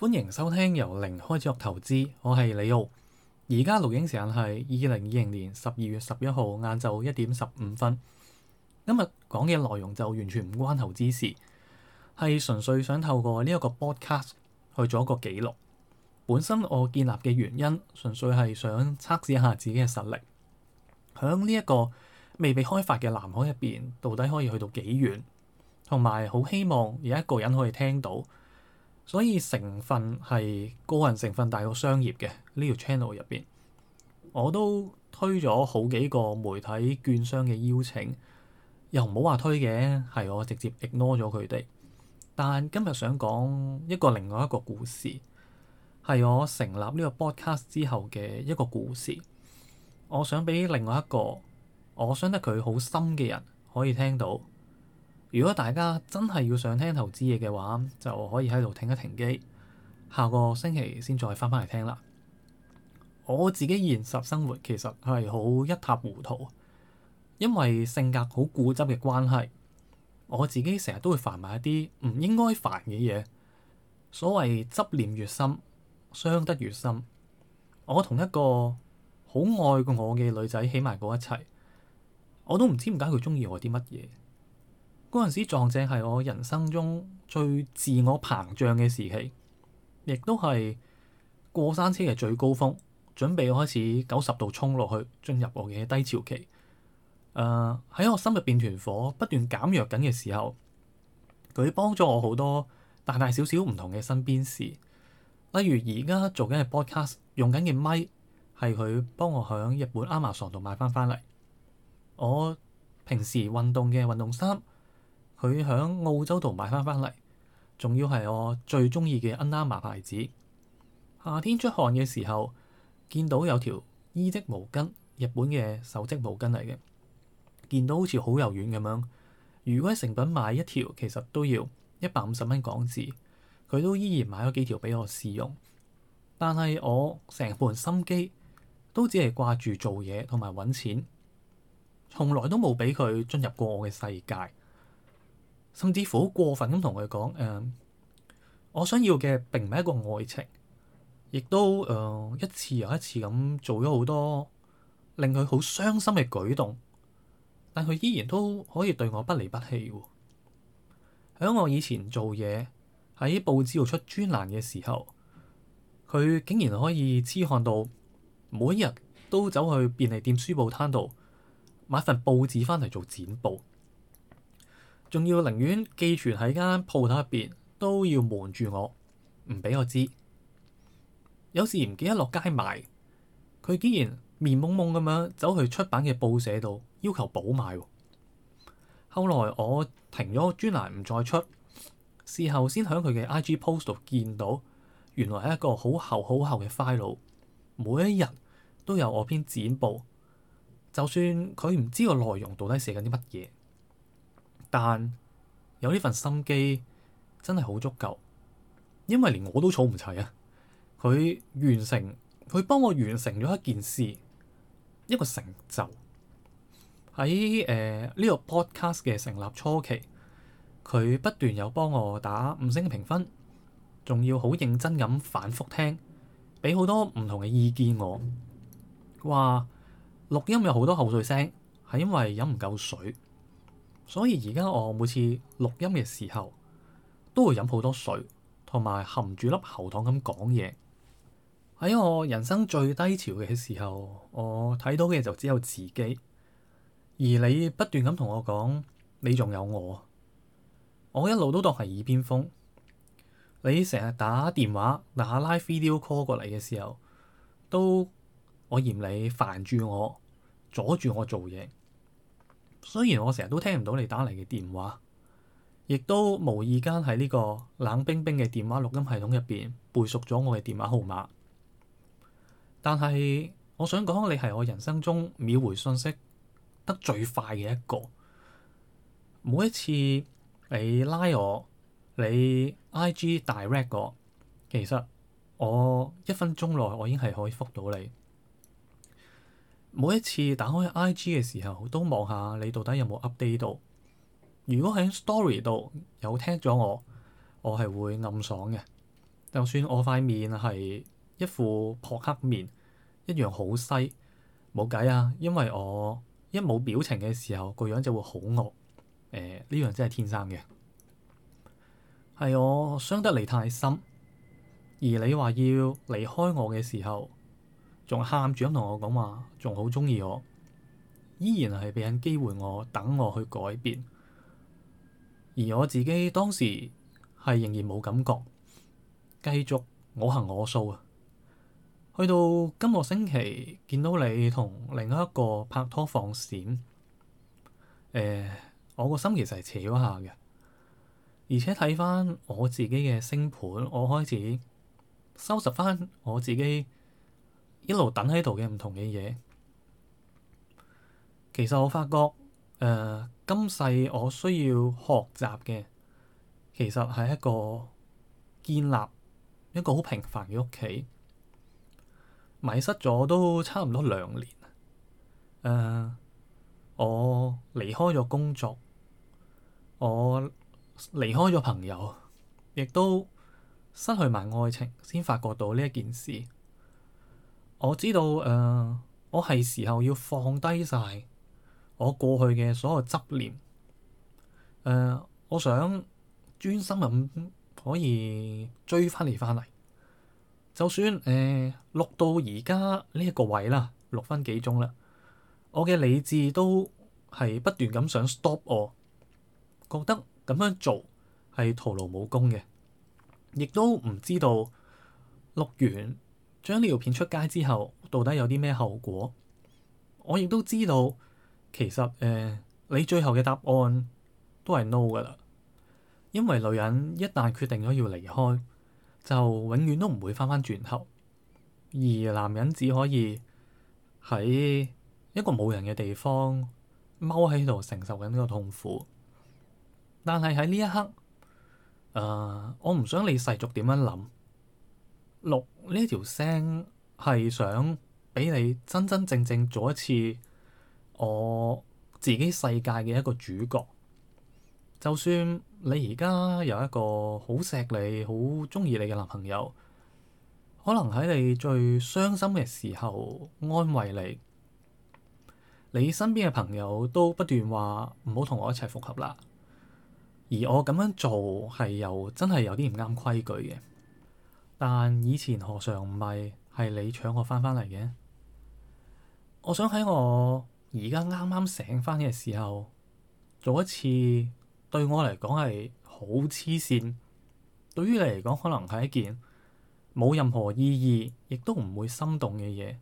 歡迎收聽由零開始學投資，我係李奧。而家錄影時間係二零二零年十二月十一號晏晝一點十五分。今日講嘅內容就完全唔關投資事，係純粹想透過呢一個 broadcast 去做一個記錄。本身我建立嘅原因，純粹係想測試一下自己嘅實力，響呢一個未被開發嘅南海入邊，到底可以去到幾遠，同埋好希望有一個人可以聽到。所以成分係個人成分大過商業嘅呢條 channel 入邊，我都推咗好幾個媒體券商嘅邀請，又唔好話推嘅，係我直接 ignore 咗佢哋。但今日想講一個另外一個故事，係我成立呢個 podcast 之後嘅一個故事，我想俾另外一個我想得佢好深嘅人可以聽到。如果大家真係要想聽投資嘢嘅話，就可以喺度停一停機，下個星期先再翻翻嚟聽啦。我自己現實生活其實係好一塌糊塗，因為性格好固執嘅關係，我自己成日都會煩埋一啲唔應該煩嘅嘢。所謂執念越深，傷得越深。我同一個好愛過我嘅女仔起埋過一齊，我都唔知點解佢中意我啲乜嘢。嗰陣時撞正係我人生中最自我膨脹嘅時期，亦都係過山車嘅最高峰，準備開始九十度衝落去，進入我嘅低潮期。誒、呃，喺我心入邊團火不斷減弱緊嘅時候，佢幫咗我好多大大小小唔同嘅身邊事，例如而家做緊嘅 podcast 用緊嘅麥係佢幫我響日本 Amazon 度買翻翻嚟。我平時運動嘅運動衫。佢喺澳洲度買翻翻嚟，仲要係我最中意嘅 Ena 瑪牌子。夏天出汗嘅時候，見到有條衣織毛巾，日本嘅手織毛巾嚟嘅，見到好似好柔軟咁樣。如果喺成品買一條，其實都要一百五十蚊港紙。佢都依然買咗幾條俾我試用，但係我成盤心機都只係掛住做嘢同埋揾錢，從來都冇俾佢進入過我嘅世界。甚至乎好過分咁同佢講，誒、uh，我想要嘅並唔係一個愛情，亦都誒、uh, 一次又一次咁做咗好多令佢好傷心嘅舉動，但佢依然都可以對我不離不棄喎。喺我以前做嘢，喺報紙度出專欄嘅時候，佢竟然可以痴漢到每日都走去便利店書報攤度買份報紙翻嚟做剪報。仲要寧願寄存喺間鋪頭入邊，都要瞞住我，唔俾我知。有時唔記得落街買，佢竟然面懵懵咁樣走去出版嘅報社度要求補買。後來我停咗專欄唔再出，事後先喺佢嘅 IG post 度見到，原來係一個好厚好厚嘅 file，每一日都有我篇剪報，就算佢唔知個內容到底寫緊啲乜嘢。但有呢份心機真係好足夠，因為連我都儲唔齊啊！佢完成，佢幫我完成咗一件事，一個成就。喺呢、呃呢個 podcast 嘅成立初期，佢不斷有幫我打五星嘅評分，仲要好認真咁反覆聽，俾好多唔同嘅意見我。話錄音有好多口水聲，係因為飲唔夠水。所以而家我每次錄音嘅時候，都會飲好多水，同埋含住粒喉糖咁講嘢。喺我人生最低潮嘅時候，我睇到嘅就只有自己。而你不斷咁同我講，你仲有我，我一路都當係耳邊風。你成日打電話、打 live video call 過嚟嘅時候，都我嫌你煩住我，阻住我做嘢。雖然我成日都聽唔到你打嚟嘅電話，亦都無意間喺呢個冷冰冰嘅電話錄音系統入邊背熟咗我嘅電話號碼，但係我想講，你係我人生中秒回信息得最快嘅一個。每一次你拉我，你 IG direct 我，其實我一分鐘內我已經係可以復到你。每一次打開 IG 嘅時候，都望下你到底有冇 update 到。如果喺 Story 度有 tag 咗我，我係會暗爽嘅。就算我塊面係一副撲克面，一樣好犀。冇計啊，因為我一冇表情嘅時候，個樣就會好惡。欸，呢樣真係天生嘅，係我傷得你太深。而你話要離開我嘅時候，仲喊住咁同我講話，仲好鍾意我，依然係畀緊機會我，等我去改變。而我自己當時係仍然冇感覺，繼續我行我素啊。去到今個星期見到你同另外一個拍拖放閃，誒、呃，我個心其實係扯咗下嘅。而且睇返我自己嘅星盤，我開始收拾返我自己。一路等喺度嘅唔同嘅嘢，其實我發覺，呃，今世我需要學習嘅，其實係一個建立一個好平凡嘅屋企。迷失咗都差唔多兩年，呃，我離開咗工作，我離開咗朋友，亦都失去埋愛情，先發覺到呢一件事。我知道，誒、呃，我係時候要放低晒我過去嘅所有執念，誒、呃，我想專心咁可以追翻嚟翻嚟。就算誒、呃、錄到而家呢一個位啦，六分幾鐘啦，我嘅理智都係不斷咁想 stop 我，覺得咁樣做係徒勞無功嘅，亦都唔知道錄完，將呢條片出街之後，到底有啲咩後果？我亦都知道，其實誒、呃，你最後嘅答案都係 no 噶啦。因為女人一旦決定咗要離開，就永遠都唔會翻返轉頭，而男人只可以喺一個冇人嘅地方踎喺度承受緊呢個痛苦。但係喺呢一刻，誒、呃，我唔想你世俗點樣諗。錄呢條聲係想畀你真真正正做一次我自己世界嘅一個主角。就算你而家有一個好錫你、好鍾意你嘅男朋友，可能喺你最傷心嘅時候安慰你，你身邊嘅朋友都不斷話唔好同我一齊復合啦。而我咁樣做係又真係有啲唔啱規矩嘅。但以前何嘗唔係你搶我翻翻嚟嘅？我想喺我而家啱啱醒翻嘅時候做一次，對我嚟講係好黐線。對於你嚟講，可能係一件冇任何意義，亦都唔會心動嘅嘢，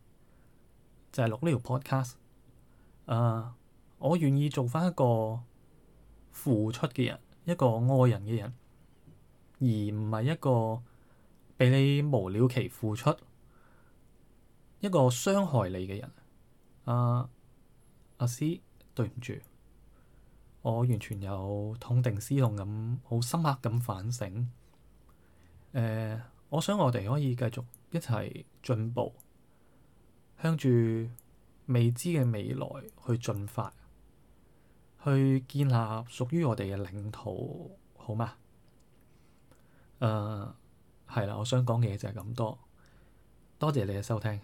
就係、是、錄呢條 podcast、呃。我願意做翻一個付出嘅人，一個愛人嘅人，而唔係一個。俾你無了期付出，一個傷害你嘅人，啊，阿師，對唔住，我完全有痛定思痛咁，好深刻咁反省。啊，我想我哋可以繼續一齊進步，向住未知嘅未來去進發，去建立屬於我哋嘅領土，好嗎？啊係啦，我想講嘅嘢就係咁多，多謝你嘅收聽。